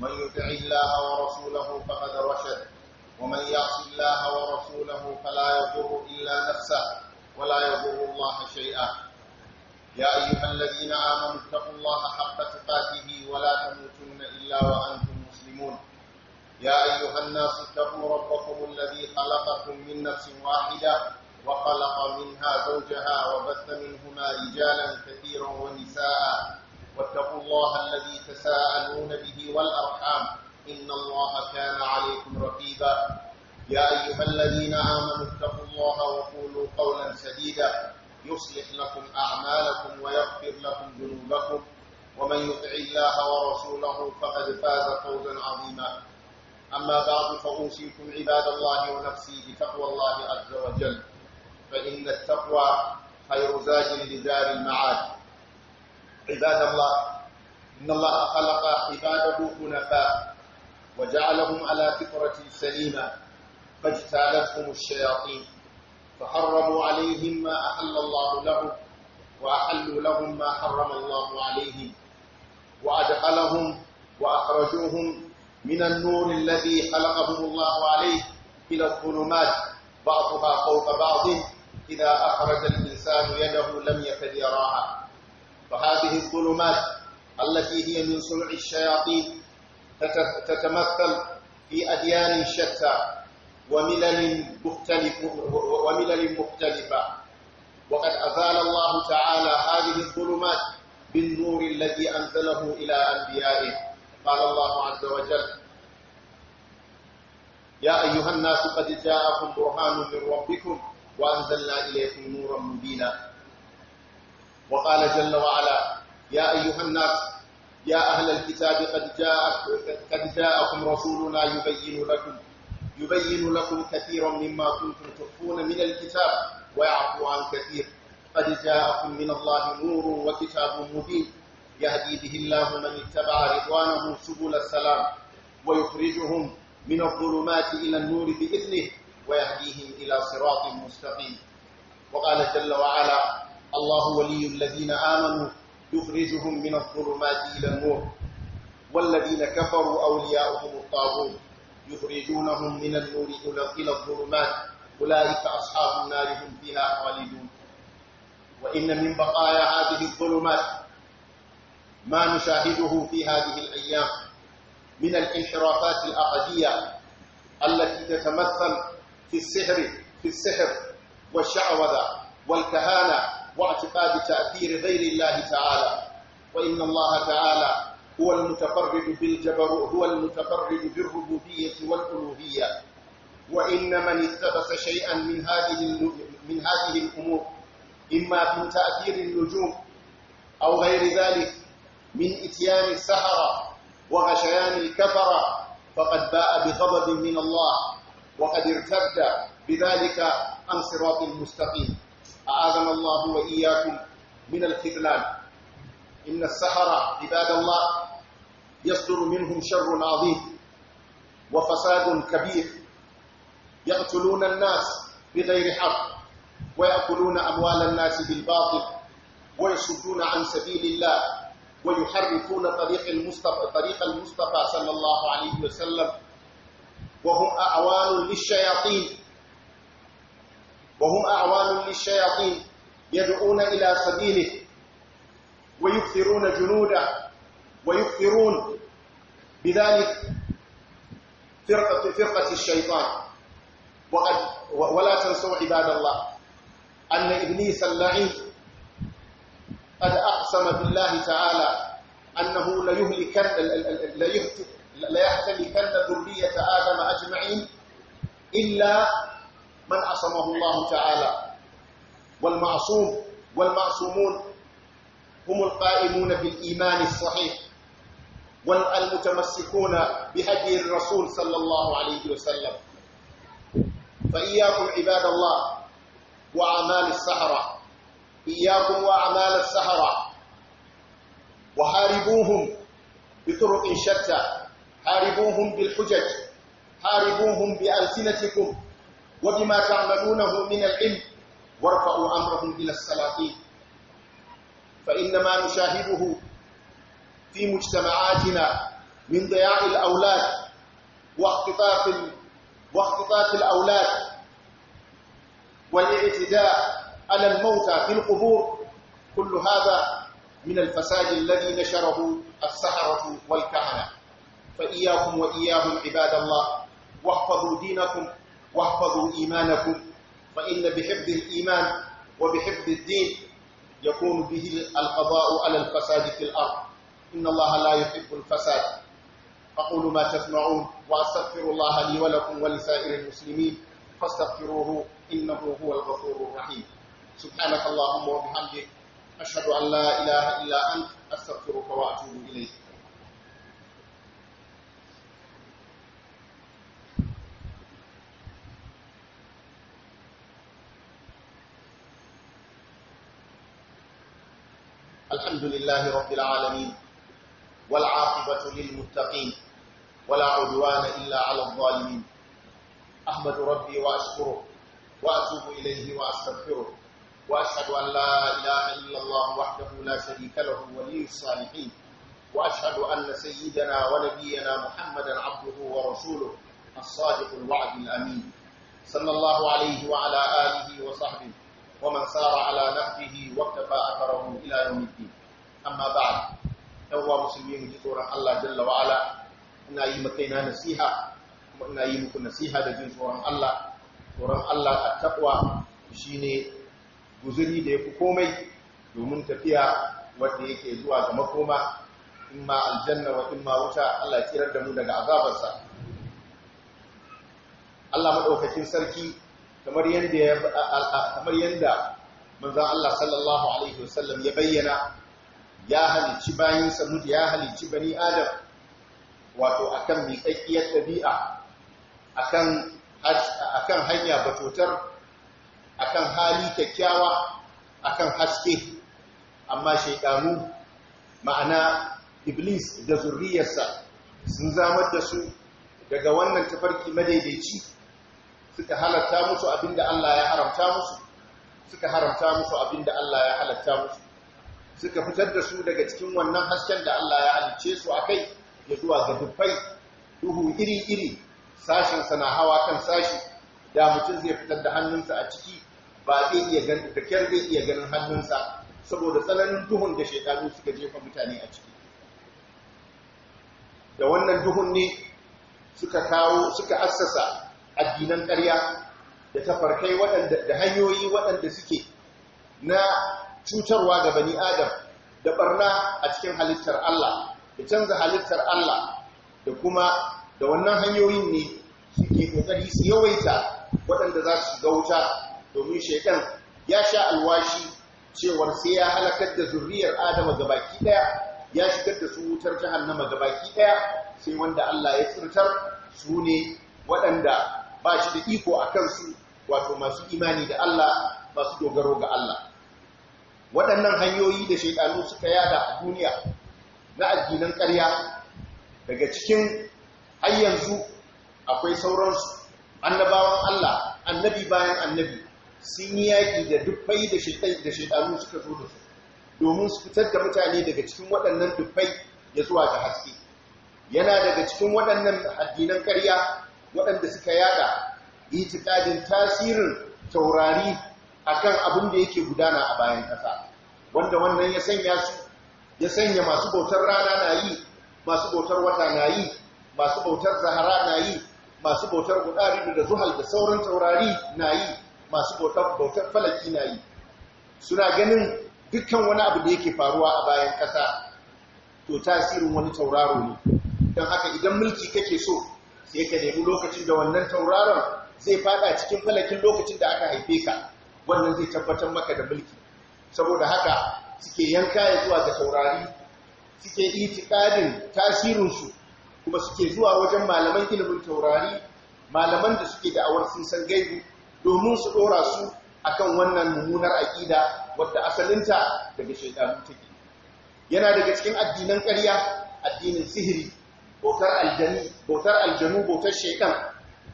من يطع الله ورسوله فقد رشد ومن يعص الله ورسوله فلا يضر إلا نفسه ولا يضر الله شيئا يا أيها الذين آمنوا اتقوا الله حق تقاته ولا تموتن إلا وأنتم مسلمون يا أيها الناس اتقوا ربكم الذي خلقكم من نفس واحدة وخلق منها زوجها وبث منهما رجالا كثيرا ونساء واتقوا الله الذي تساءلون به والأرحام إن الله كان عليكم رقيبا يا أيها الذين آمنوا اتقوا الله وقولوا قولا سديدا يصلح لكم أعمالكم ويغفر لكم ذنوبكم ومن يطع الله ورسوله فقد فاز فوزا عظيما أما بعد فأوصيكم عباد الله ونفسي بتقوى الله عز وجل فإن التقوى خير زاد لدار المعاد عباد الله إن الله خلق عباده حنفاء وجعلهم على فطرة سليمة فاجتالتهم الشياطين فحرموا عليهم ما أحل الله لهم وأحلوا لهم ما حرم الله عليهم وأدخلهم وأخرجوهم من النور الذي خلقهم الله عليه إلى الظلمات بعضها فوق بعض إذا أخرج الإنسان يده لم يكد يراها وهذه الظلمات التي هي من صنع الشياطين تتمثل في أديان شتى وملل مختلفة وملل مختلفة وقد أزال الله تعالى هذه الظلمات بالنور الذي أنزله إلى أنبيائه قال الله عز وجل يا أيها الناس قد جاءكم برهان من ربكم وأنزلنا إليكم نورا مبينا وقال جل وعلا يا أيها الناس يا أهل الكتاب قد قد جاءكم رسولنا يبين لكم يبين لكم كثيرا مما كنتم تخفون من الكتاب ويعفو عن كثير قد جاءكم من الله نور وكتاب مبين يهدي به الله من اتبع رضوانه سبل السلام ويخرجهم من الظلمات إلى النور بإذنه ويهديهم إلى صراط مستقيم وقال جل وعلا الله ولي الذين آمنوا يخرجهم من الظلمات إلى النور والذين كفروا أولياؤهم الطاغون يخرجونهم من النور إلى الظلمات أولئك أصحاب النار هم فيها خالدون وإن من بقايا هذه الظلمات ما نشاهده في هذه الأيام من الانحرافات العقدية التي تتمثل في السحر في السحر والشعوذة والكهانة واعتقاد تأثير غير الله تعالى وإن الله تعالى هو المتفرد بالجبر هو المتفرد بالربوبية والألوهية وإن من استبس شيئا من هذه من هذه الأمور إما من تأثير النجوم أو غير ذلك من إتيان السحرة وغشيان الكفرة فقد باء بغضب من الله وقد ارتد بذلك عن صراط المستقيم أعاذنا الله وإياكم من الخذلان إن السحرة عباد الله يصدر منهم شر عظيم وفساد كبير يقتلون الناس بغير حق ويأكلون أموال الناس بالباطل ويصدون عن سبيل الله ويحرفون طريق المصطفى طريق المصطفى صلى الله عليه وسلم وهم أعوان للشياطين وهم أعوان الشياطين يدعون إلى سبيله ويكثرون جنوده ويكثرون بذلك فرقة, فرقة الشيطان وقد ولا تنسوا عباد الله أن إبليس اللعين قد أقسم بالله تعالى أنه ليهلكن ليهتلكن ذرية آدم أجمعين إلا من عصمه الله تعالى والمعصوم والمعصومون هم القائمون بالإيمان الصحيح والمتمسكون بهدي الرسول صلى الله عليه وسلم فإياكم عباد الله وأعمال السحرة إياكم وأعمال السحرة وحاربوهم بطرق شتى حاربوهم بالحجج حاربوهم بألسنتكم وبما تعملونه من العلم وارفعوا أمرهم إلى السلاطين فإنما نشاهده في مجتمعاتنا من ضياع الأولاد واختطاف واختطاف الأولاد والاعتداء على الموتى في القبور كل هذا من الفساد الذي نشره السحرة والكهنة فإياكم وإياهم عباد الله واحفظوا دينكم واحفظوا إيمانكم فإن بحفظ الإيمان وبحفظ الدين يكون به القضاء على الفساد في الأرض إن الله لا يحب الفساد أقول ما تسمعون وأستغفر الله لي ولكم ولسائر المسلمين فاستغفروه إنه هو الغفور الرحيم سبحانك اللهم وبحمدك أشهد أن لا إله إلا أنت أستغفرك وأتوب إليك الحمد لله رب العالمين والعاقبة للمتقين ولا عدوان إلا على الظالمين أحمد ربي وأشكره وأتوب إليه وأستغفره وأشهد أن لا إله إلا الله وحده لا شريك له ولي الصالحين وأشهد أن سيدنا ونبينا محمدا عبده ورسوله الصادق الوعد الأمين صلى الله عليه وعلى آله وصحبه ومن سار على نهجه واقتفى أثره إلى يوم الدين أما بعد يوم مسلمين جزورا الله جل وعلا إنا يمكينا نسيها وإنا يمكن نسيها لجزورا الله tsoron Allah a taɓwa shi ne guzuri da ya fi komai domin tafiya wadda yake zuwa ga makoma in ma aljanna wa in ma wuta Allah ya tsirar da mu daga azabarsa Allah maɗaukakin sarki kamar yadda ya kamar yadda Allah sallallahu alaihi wasallam ya bayyana ya halicci bayin samud ya halicci bani adam wato akan miƙaƙƙiyar ɗabi'a akan akan hanya batotar akan hali kyakkyawa akan haske amma shaidanu ma'ana iblis da zurriyarsa sun zamar da su daga wannan tafarki madaidaici suka halatta musu abinda Allah ya haramta musu suka haramta musu abinda Allah ya halatta musu suka fitar da su daga cikin wannan hasken da Allah ya halice su akai ya zuwa ga dubbai duhu iri-iri sashin sana hawa kan sashi da mutum zai fitar da hannunsa a ciki ba zai iya ganin da kyar zai iya ganin hannunsa saboda tsananin duhun da shekaru suka jefa mutane a ciki da wannan duhun ne suka kawo suka assasa addinan ƙarya da tafarkai da hanyoyi waɗanda suke na cutarwa ga bani adam da ɓarna a cikin halittar Allah da canza halittar Allah da kuma da wannan hanyoyin ne suke ƙoƙari su yawaita waɗanda za su ga wuta domin shekan ya sha alwashi cewar sai ya halakar da zurriyar adama gabaki ɗaya ya shigar da su wutar ga gabaki ɗaya sai wanda Allah ya tsirtar su ne waɗanda ba shi da iko a kansu wato masu imani da Allah masu dogaro ga Allah waɗannan hanyoyi da shaidanu suka yada a duniya na addinan ƙarya daga cikin har yanzu akwai sauransu annabawan Allah annabi bayan annabi sun yi yaƙi da dubbai da shaidanu suka zo da su domin su fitar da mutane daga cikin waɗannan dubbai ya zuwa ga haske yana daga cikin waɗannan addinan ƙarya waɗanda suka yada itikadin tasirin taurari akan abin da yake gudana a bayan ƙasa wanda wannan ya sanya su ya sanya masu bautar rana na yi masu bautar wata na yi masu bautar zahara na yi masu bautar gudari da zuhal da sauran taurari na yi masu bautar falaki na yi suna ganin dukkan wani abu da yake faruwa a bayan ƙasa to tasirin wani tauraro ne don haka idan mulki kake so sai ka nemi lokacin da wannan tauraron zai fada cikin falakin lokacin da aka haife ka wannan zai tabbatar maka da mulki saboda haka suke yanka ya zuwa ga taurari suke itikadin tasirinsu kuma suke zuwa wajen malaman ilimin taurari malaman da suke da'awar sun san gaibu domin su dora su akan wannan mummunar aƙida wadda asalinta daga shaidanu take yana daga cikin addinan ƙarya addinin sihiri bautar aljanu bautar aljanu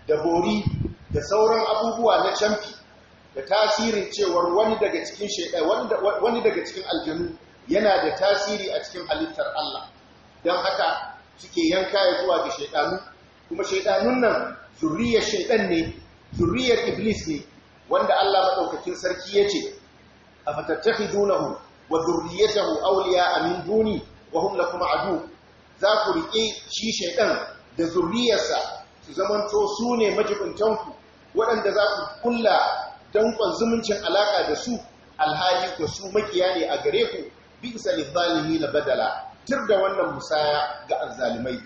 da bori da sauran abubuwa na canfi da tasirin cewar wani daga cikin wani daga cikin aljanu yana da tasiri a cikin halittar Allah don haka suke yanka ya zuwa ga shaiɗanu? kuma shaidanun nan zurriyar shaiɗan ne zurriyar iblis ne wanda Allah Maɗaukakin sarki ya ce a fatattafi afatattakhidunahu wa dhurriyyatahu awliya'a min duni wa hum lakum adu za ku riƙe shi shaidan da zurriyarsa su zamanto su ne majibintanku waɗanda za ku kulla danƙon zumuncin alaƙa da su alhali ga su makiya ne a gare ku bi isa na badala tur da wannan musaya ga azzalimai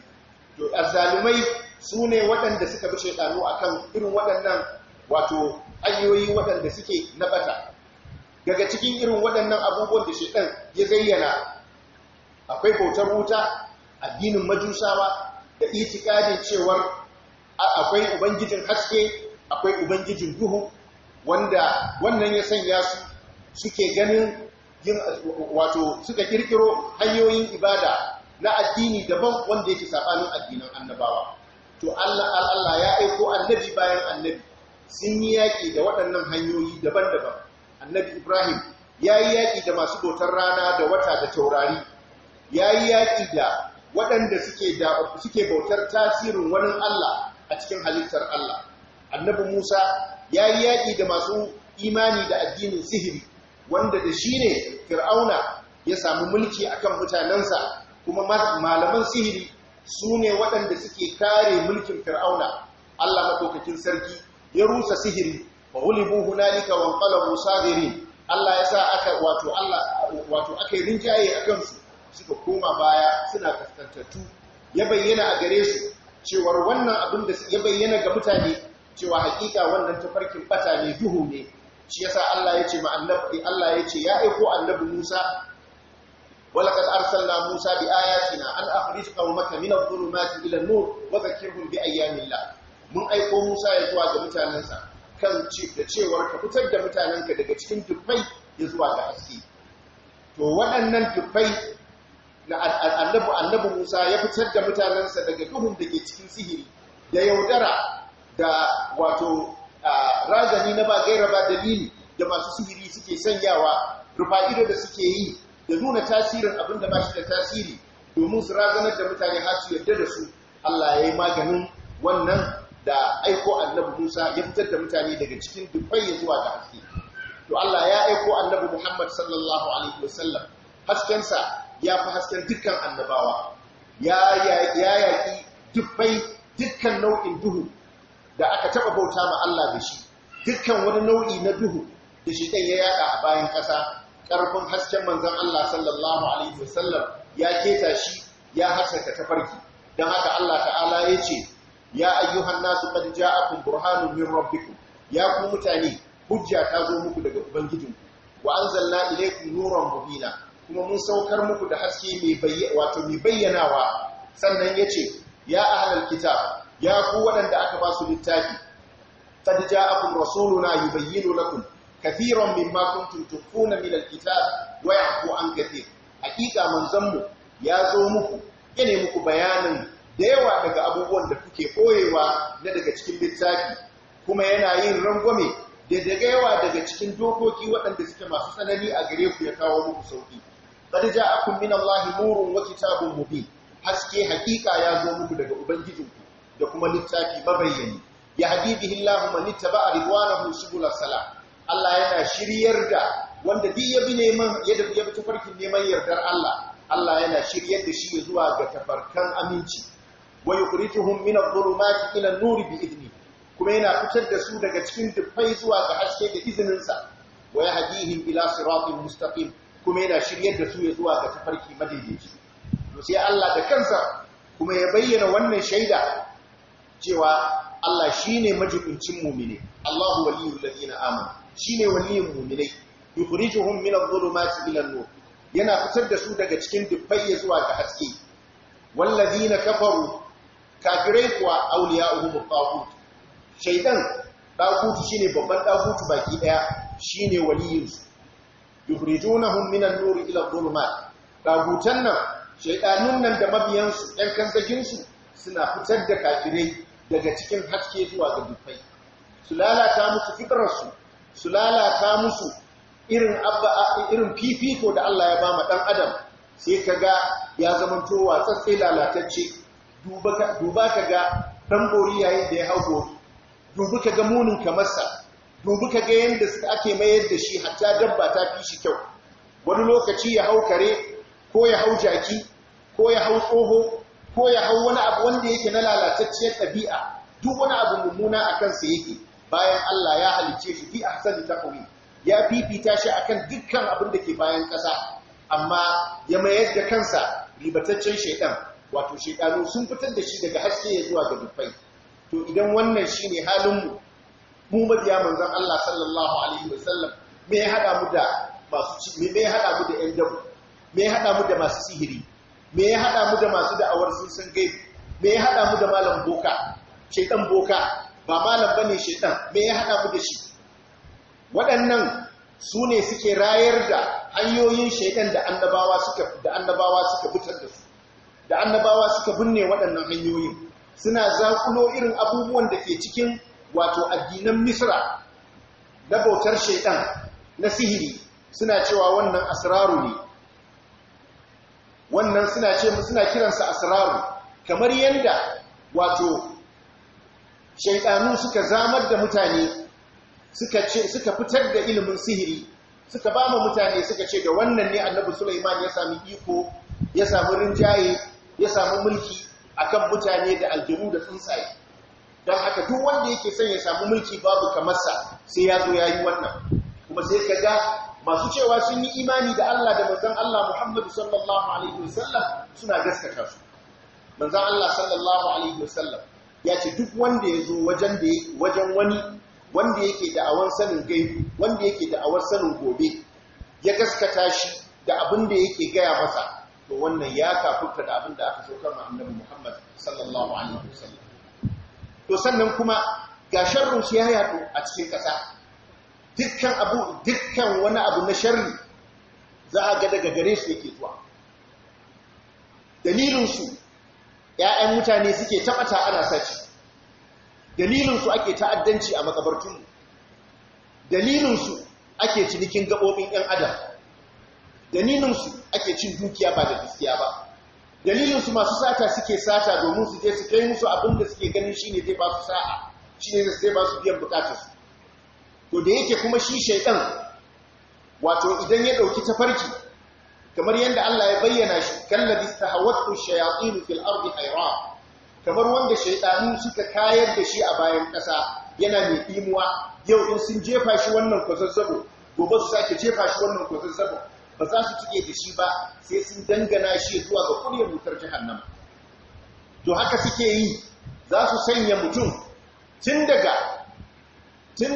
to azzalimai su ne waɗanda suka bi a akan irin waɗannan wato hanyoyi waɗanda suke na bata daga cikin irin waɗannan abubuwan da shaidan ya zayyana akwai bautar wuta addinin majusawa da itikadin cewar akwai ubangijin haske akwai ubangijin duhu wanda wannan ya sanya su suke ganin yin wato suka kirkiro hanyoyin ibada na addini daban wanda yake sabanin addinan annabawa to Allah Allah ya aiko annabi bayan annabi sun yi yaki da waɗannan hanyoyi daban-daban annabi Ibrahim ya yi yaki da masu bautar rana da wata da taurari ya yi yaki da waɗanda suke da suke bautar tasirin wani Allah a cikin halittar Allah annabi Musa ya yi yaƙi da masu imani da addinin sihiri wanda da shi ne fir'auna ya samu mulki akan mutanensa kuma malaman sihiri su ne waɗanda suke kare mulkin fir'auna Allah matokakin sarki ya rusa sihiri wa hulibu hunalika wa qalabu sadirin Allah ya sa aka wato Allah wato aka rinjaye a kansu suka koma baya suna kaskantattu ya bayyana a gare su cewar wannan abin da ya bayyana ga mutane cewa hakika wannan tafarkin bata ne duhu ne shi yasa Allah ya ce ma'annabi Allah ya ce ya aiko annabi Musa walaqad arsalna Musa bi ayatina an akhrij qaumaka min adh-dhulumati ila an-nur wa dhakkirhum bi ayyamillah mun aiko Musa ya zuwa ga mutanansa kan ce da cewar ka fitar da mutanenka daga cikin dubbai ya zuwa ga haske. to waɗannan dubbai annabu annabu Musa ya fitar da mutanensa daga duhun da ke cikin sihiri da yaudara da wato razani na ba gaira ba dalili da masu sihiri suke sanyawa rufa'ido da suke yi da nuna tasirin abin da ba shi da tasiri domin su razanar da mutane har su yarda da su Allah ya yi maganin wannan da aiko annabi Musa ya fitar da mutane daga cikin dubbai zuwa da haske to Allah ya aiko annabi Muhammad sallallahu alaihi wasallam haskensa ya fi hasken dukkan annabawa ya yaƙi dubbai dukkan nau'in duhu da aka taɓa bauta ma Allah da shi dukkan wani nau'i na duhu da shi ɗan ya yaɗa a bayan ƙasa ƙarfin hasken manzan Allah sallallahu alaihi wasallam ya keta shi ya ta tafarki don haka Allah ta'ala ya ce ya ayyuhan nasu qad ja'akum burhanun min rabbikum ya kuma mutane hujja ta zo muku daga ubangijinku wa anzalna ilaykum nuran mubina kuma mun saukar muku da haske mai bayyanawa sannan ya ce ya ahalar kitab ya ku waɗanda aka ba su littafi قد جاءكم رسولنا يبين لكم كثيرا مما كنتم تخفون من waya ko an Hakika حقيقه manzanmu ya zo muku ya muku bayanin da yawa daga abubuwan da kuke koyewa na daga cikin littafi kuma yana yin rangwame da daga yawa daga cikin dokoki waɗanda suke masu tsanani a gare ku ya kawo muku sauki qad ja'akum min Allahi nurun wa kitabun mubin haske hakika ya zo muku daga ubangijinku da kuma littafi mabayyani ya habibihi Allahu man ittaba ridwanahu subul salam Allah yana shiryar da wanda duk ya bi neman ya da neman yardar Allah Allah yana shiryar da shi zuwa ga tafarkan aminci wa yukhrijuhum min adh-dhulumati ila an-nur bi idni kuma yana fitar da su daga cikin dufai zuwa ga haske da izininsa wa yahdihim ila siratin mustaqim kuma yana shiryar da su ya zuwa ga tafarki madaidaici to sai Allah da kansa kuma ya bayyana wannan shaida cewa Allah shine majibincin mu'mini Allahu waliyul ladina amanu shine waliyin mu'minai yukhrijuhum min adh-dhulumati ila an-nur yana fitar da su daga cikin dubbai ya zuwa ga haske ladina kafaru kafirai kuwa awliya'uhum taqut taghut shaytan shine babban taqut baki daya shine waliyinsu yukhrijunahum minan nuri ila dhulumat dagutan nan shaytanun nan da mabiyansu ɗan kansakin su suna fitar da kafirai daga cikin haske zuwa ga dufai su lalata musu fitrarsu su lalata musu irin abba irin fifiko da Allah ya bama dan adam sai kaga ya zamantowa watsatsai lalatacce duba ka ga dan bori yayin da ya hau dubi ka ga munin kamarsa dubu ka ga yadda suka ake mayar da shi hatta dabba ta fi shi kyau wani lokaci ya hau kare ko ya hau jaki ko ya hau tsoho ko ya hau wani abu wanda yake na lalatacciyar ɗabi'a duk wani abu mummuna a kansa yake bayan Allah ya halice shi fi ahsani taqwim ya fifita shi kan dukkan abin da ke bayan ƙasa amma ya mayar da kansa ribataccen shaidan wato shaidanu sun fitar da shi daga haske zuwa ga dubbai to idan wannan shine halin mu mu mabiya manzon Allah sallallahu alaihi wasallam me ya hada mu da masu me ya hada mu da yan dabu me ya hada mu da masu sihiri me ya hada mu da masu da'awar sun san gai me ya hada mu da malam boka shedan boka ba malam bane shedan me ya hada mu da shi waɗannan su ne suke rayar da hanyoyin shedan da annabawa suka da annabawa suka fitar da su da annabawa suka binne waɗannan hanyoyin suna zakulo irin abubuwan da ke cikin wato addinan misra na bautar shaidan na sihiri suna cewa wannan asraru ne wannan suna ce suna kiransa asraru kamar yadda wato shaidanu suka zamar da mutane suka ce suka fitar da ilimin sihiri suka ba mu mutane suka ce da wannan ne annabi Sulaiman ya sami iko ya sami rinjaye ya sami mulki akan mutane da aljihu da tsuntsaye don haka duk wanda yake son ya samu mulki babu kamarsa sai ya zo ya yi wannan kuma sai ka ga masu cewa sun yi imani da Allah da manzon Allah Muhammadu sallallahu alaihi wasallam suna gaskata su manzon Allah sallallahu alaihi wasallam ya ce duk wanda ya zo wajen da wajen wani wanda yake da awan sanin gai, wanda yake da awan sanin gobe ya gaskata shi da abin da yake gaya masa to wannan ya kafurta da abin da aka so kan annabi Muhammad sallallahu alaihi wasallam to sannan kuma ga sharrin shi ya yaɗu a cikin ƙasa dukkan abu dukkan wani abu na sharri za a ga daga gare su yake zuwa dalilinsu ‘ya'yan mutane suke taɓata ana sace dalilinsu ake ta'addanci a makabartunmu dalilinsu ake cinikin gaɓoɓin ‘yan adam dalilinsu ake cin dukiya ba da gaskiya ba dalilin su masu sata suke sata domin su je su kai musu abin da suke ganin shine zai ba su sa'a shine zai ba su biyan bukatar su to da yake kuma shi shaiɗan, wato idan ya dauki tafarki kamar yadda Allah ya bayyana shi kallabi tahawwatu shayatin fil ardi hayra kamar wanda shaytanu suka kayar da shi a bayan kasa yana mai imuwa yau in sun jefa shi wannan kwazazzabo gobe su sake jefa shi wannan kwazazzabo ba za su cike da shi ba sai sun dangana shi zuwa ga kuriyar wutar nan. to haka suke yi za su sanya mutum tun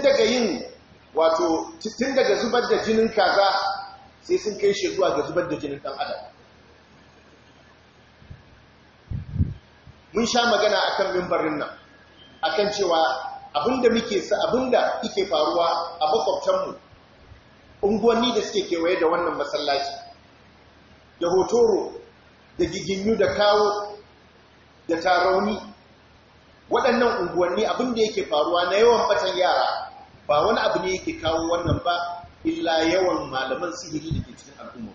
daga yin wato tun daga zubar da jinin kaza sai sun kai shi zuwa ga zubar da jinin dan adam mun sha magana akan mimbarin nan a kan cewa abinda muke sa abinda ike faruwa a makwabtanmu unguwanni da suke kewaye da wannan masallaci da hotoro da giginyu da kawo da tarauni waɗannan unguwanni abin da yake faruwa na yawan batan yara ba wani abu ne yake kawo wannan ba illa yawan malaman sihiri da ke cikin al'umma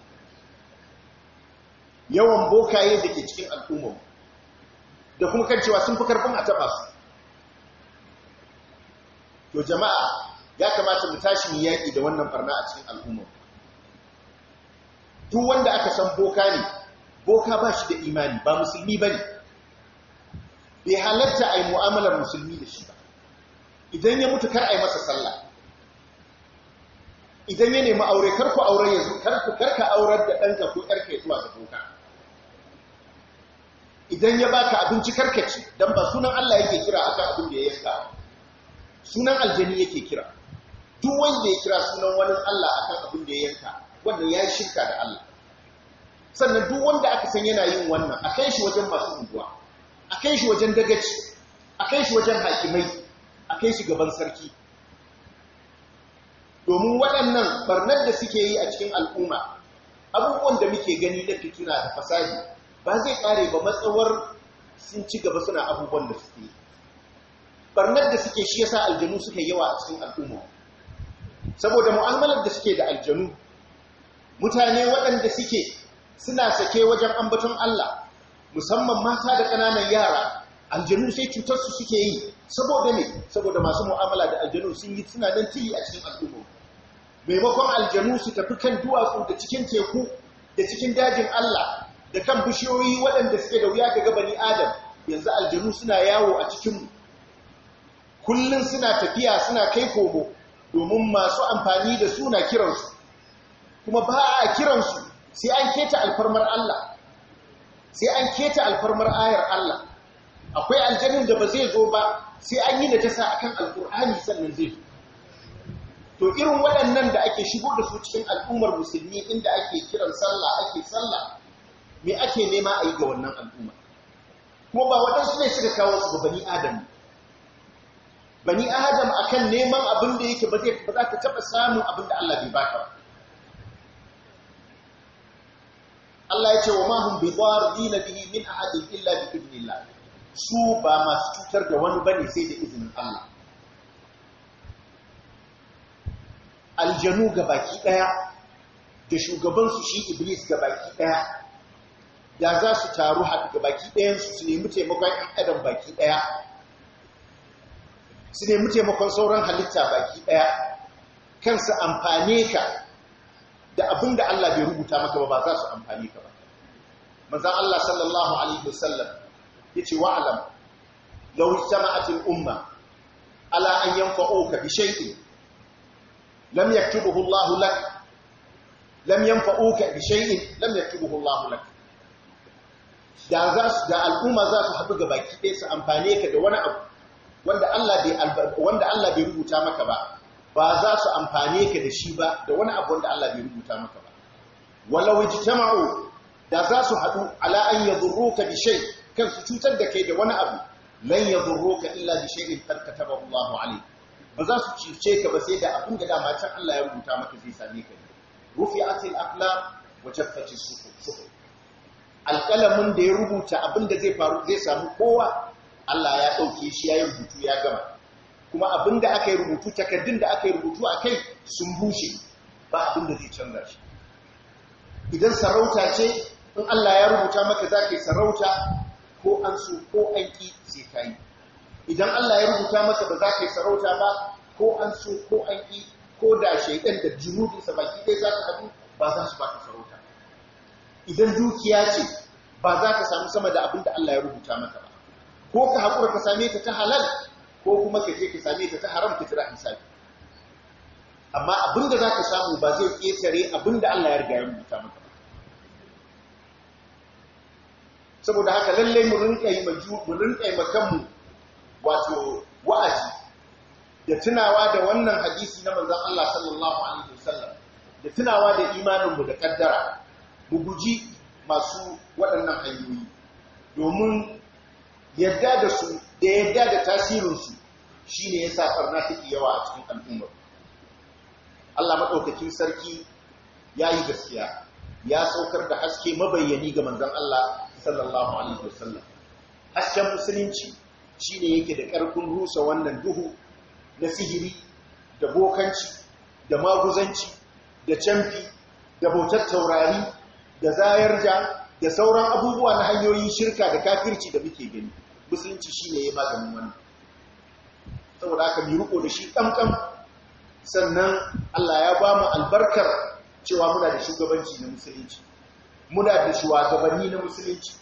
yawan bokaye da ke cikin al'umma da kuma kan cewa sun fi karfin a taɓa su to jama'a ya kamata mu tashi mu yaƙi da wannan farna a cikin al'umma duk wanda aka san boka ne boka ba shi da imani ba musulmi ba ne bai halarta a yi mu'amalar musulmi da shi ba idan ya mutu kar a yi masa sallah idan ya nemi aure kar ku aure yanzu kar ku karka aurar da ɗanka ko ƴarka ya zuwa ga boka idan ya baka abinci karkaci don ba sunan Allah yake kira akan abin da ya yasa sunan aljani yake kira duk wanda ya kira sunan wani Allah akan abin da ya yanka wannan ya yi shirka da Allah sannan duk wanda aka san yana yin wannan a kai shi wajen masu unguwa a kai shi wajen dagaci a kai shi wajen hakimai a kai shi gaban sarki domin waɗannan barnar da suke yi a cikin al'umma abubuwan da muke gani da fituna da fasahi ba zai ƙare ba matsawar sun ci gaba suna abubuwan da suke yi barnar da suke shi yasa aljanu suka yawa a cikin al'umma saboda mu'amalar da suke da aljanu mutane waɗanda suke suna sake wajen ambaton Allah musamman mata da ƙananan yara aljanu sai cutarsu suke yi saboda ne saboda masu mu'amala da aljanu sun yi suna nan tili a cikin al'ummu. maimakon aljanu su tafi kan duwatsu da cikin teku da cikin dajin Allah da kan bishiyoyi waɗanda suke da wuya ga bani adam yanzu aljanu suna yawo a cikinmu kullum suna tafiya suna kai komo domin masu amfani da suna kiransu kuma ba a kiransu sai an keta alfarmar Allah sai an keta alfarmar ayar Allah akwai aljanin da ba zai zo ba sai an yi najasa akan alkur'ani sannan zai zo to irin waɗannan da ake shigo da su cikin al'ummar musulmi inda ake kiran sallah ake sallah me ake nema a yi ga wannan al'umma kuma ba waɗansu ne suka kawo su ga bani adam bani adam akan neman abin da yake ba za ka taɓa samun abin da Allah bai baka ba Allah ya ce wa ma hum dharin bihi min ahadin illa bi idnillah su ba masu cutar da wani bane sai da izinin Allah aljanu gabaki daya da shugaban su shi iblis gabaki daya da za su taru haka gabaki dayan su su nemi taimakon adam baki daya su nemi taimakon sauran halitta baki ɗaya kansu amfane ka da abin da Allah bai rubuta maka ba ba za su amfani ka ba manzan Allah sallallahu alaihi wasallam ya ce wa'alam lau jama'atul umma ala an yanfa'uka bi shay'in lam yaktubuhu Allah lak lam yanfa'uka bi shay'in lam yaktubuhu Allah lak da za su da al'umma za su haɗu ga baki ɗaya su amfane ka da wani abu wanda Allah bai rubuta maka ba ba za su amfane ka da shi ba da wani abu wanda Allah bai rubuta maka ba walau ijtama'u da za su haɗu ala an yadurruka bi shay kan su cutar da kai da wani abu lan yadurruka illa bi shay'in qad katabahu Allahu alayka ba za su cuce ka ba sai da abin da dama can Allah ya rubuta maka zai same ka ne rufi'atil aqlam wa jaffatis suhuf alqalamin da ya rubuta abin da zai faru zai samu kowa Allah ya ɗauke shi ya yi rubutu ya gama kuma abin da aka yi rubutu takardun da aka yi rubutu a kai sun bushe ba abin da zai canza shi idan sarauta ce in Allah ya rubuta maka za ka yi sarauta ko an so ko an ƙi sai ka yi idan Allah ya rubuta maka ba za ka yi sarauta ba ko an so ko an ƙi ko da shaidan da jinudinsa baki ɗaya za ka haɗu ba za su ba sarauta idan dukiya ce ba za ka samu sama da abin da Allah ya rubuta maka ba ko ka haƙura ka same ta ta halal ko kuma ka je ka same ta ta haram ka jira hisabi amma abin da za ka samu ba zai ƙetare abin da Allah ya riga yin rubuta ba saboda haka lallai mu rinƙa yi mu wato wa'azi da tunawa da wannan hadisi na manzon Allah sallallahu alaihi wasallam da tunawa da imaninmu da kaddara mu guji masu waɗannan hanyoyi domin yadda da su da yadda da tasirinsu shi ne ya sa farna take yawa a cikin al'ummar Allah maɗaukakin sarki ya yi gaskiya ya saukar da haske mabayyani ga manzan Allah sallallahu alaihi wasallam hasken musulunci shi ne yake da ƙarfin rusa wannan duhu na sihiri da bokanci da maguzanci da camfi da bautar taurari da zayarja da sauran abubuwa na hanyoyin shirka da kafirci da muke gani musulunci shi ne ya maganin wannan saboda aka bi riko da shi ƙamƙam sannan Allah ya ba mu albarkar cewa muna da shugabanci na musulunci muna da shugabanni na musulunci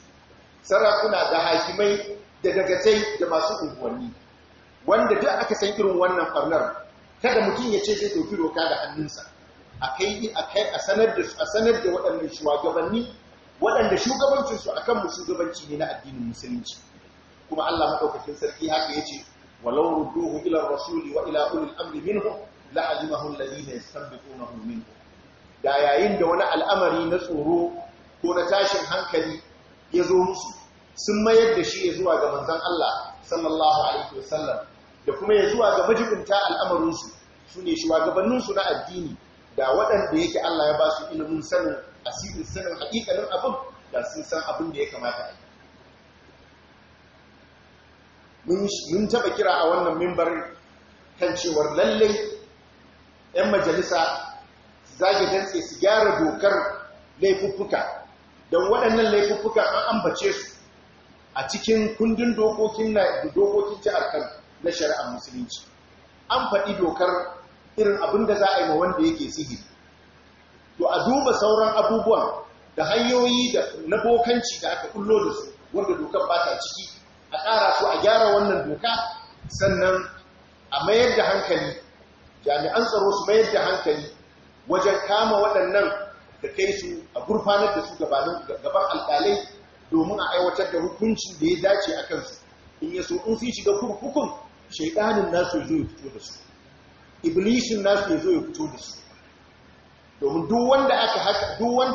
sarakuna da hakimai da dagatai da masu unguwanni wanda duk aka san irin wannan farnar kada mutum ya ce zai ɗauki roka da hannunsa a kai a sanar da a sanar waɗannan shugabanni waɗanda shugabancinsu akan kanmu shugabanci ne na addinin musulunci kuma Allah madaukakin sarki haka yace walau rudduhu ila rasuli wa ila ulil amri minhu la alimahu alladhina yastanbitunahu minhu da yayin da wani al'amari na tsoro ko na tashin hankali ya zo musu sun mayar da shi ya zuwa ga manzon Allah sallallahu alaihi wasallam da kuma ya zuwa ga majibinta al'amarin su ne shugabanninsu na addini da waɗanda yake Allah ya ba su ilimin sanin asirin sanin haƙiƙanin abin da sun san abin da ya kamata a yi mun taɓa kira a wannan mimbar kan cewar lallai 'yan majalisa zage dantse su gyara dokar laifuffuka don waɗannan laifuffuka an ambace su a cikin kundin dokokin na dokokin jihar kan na shari'ar musulunci an faɗi dokar irin abin da za a yi ma wanda yake sihiri to a duba sauran abubuwan da hanyoyi da na bokanci da aka kullo da su wanda dokar ba ta ciki a ƙara su a gyara wannan doka sannan a mayar da hankali jami'an tsaro su mayar da hankali wajen kama waɗannan da kai su a gurfanar da su gaban alƙalai domin a aiwatar da hukunci da ya dace a kansu in ya so in fi shiga kurkukun shaidanin nasu ya zo ya fito da su iblishin nasu ya zo ya fito da su domin duk wanda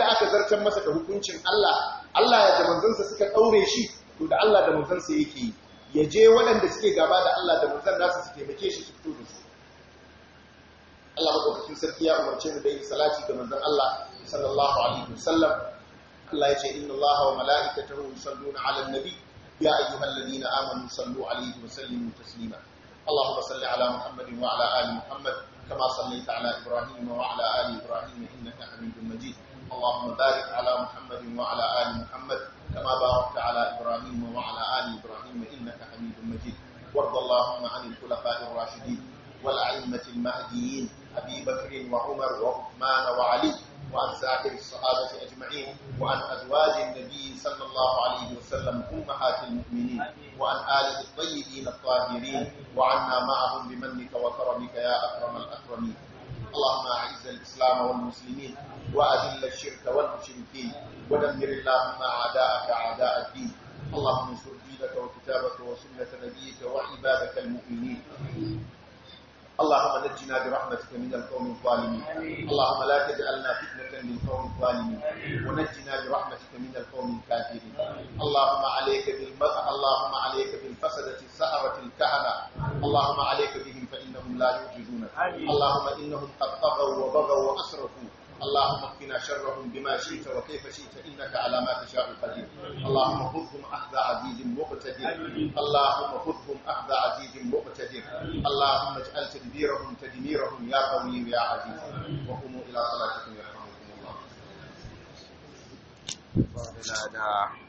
aka zartar masa da hukuncin Allah Allah ya da manzansa suka ɗaure shi to da Allah da manzon sa yake yi ya je waɗanda suke gaba da Allah da manzon nasu su taimake shi su fito da su Allah madaukakin sarki ya umarce mu da yin salati ga manzon Allah sallallahu alaihi wasallam Allah ya ce inna Allah wa mala'ikatahu yusalluna 'alan nabi ya ayyuhalladhina amanu sallu 'alaihi wa sallimu taslima اللهم صل على محمد وعلى آل محمد كما صليت على إبراهيم وعلى آل إبراهيم إنك حميد مجيد اللهم بارك على محمد وعلى آل محمد كما باركت على إبراهيم وعلى آل إبراهيم إنك حميد مجيد وارض اللهم عن الخلفاء الراشدين والأئمة المهديين أبي بكر وعمر وعثمان وعلي وعن سائر الصحابة أجمعين وعن أزواج النبي صلى الله عليه وسلم أمهات المؤمنين وعن آله الطيبين الطاهرين وعنا معهم بمنك وكرمك يا أكرم الأكرمين اللهم أعز الإسلام والمسلمين وأذل الشرك والمشركين ودمر اللهم أعداءك أعداء الدين اللهم انصر دينك وكتابك وسنة نبيك وعبادك المؤمنين اللهم نجنا برحمتك من القوم الظالمين اللهم لا تجعلنا فتنة للقوم الظالمين ونجنا برحمتك من القوم الكافرين اللهم عليك بالم... اللهم عليك بالفسدة السحرة الكهنة اللهم عليك اللهم إنهم قد طغوا وبغوا وأسرفوا اللهم اكفنا شرهم بما شئت وكيف شئت انك على ما تشاء قدير اللهم خذهم اخذ عزيز مقتدر اللهم خذهم اخذ عزيز مقتدر اللهم اجعل تدبيرهم تدميرهم يا قوي يا عزيز وقوموا الى صلاتكم يرحمكم الله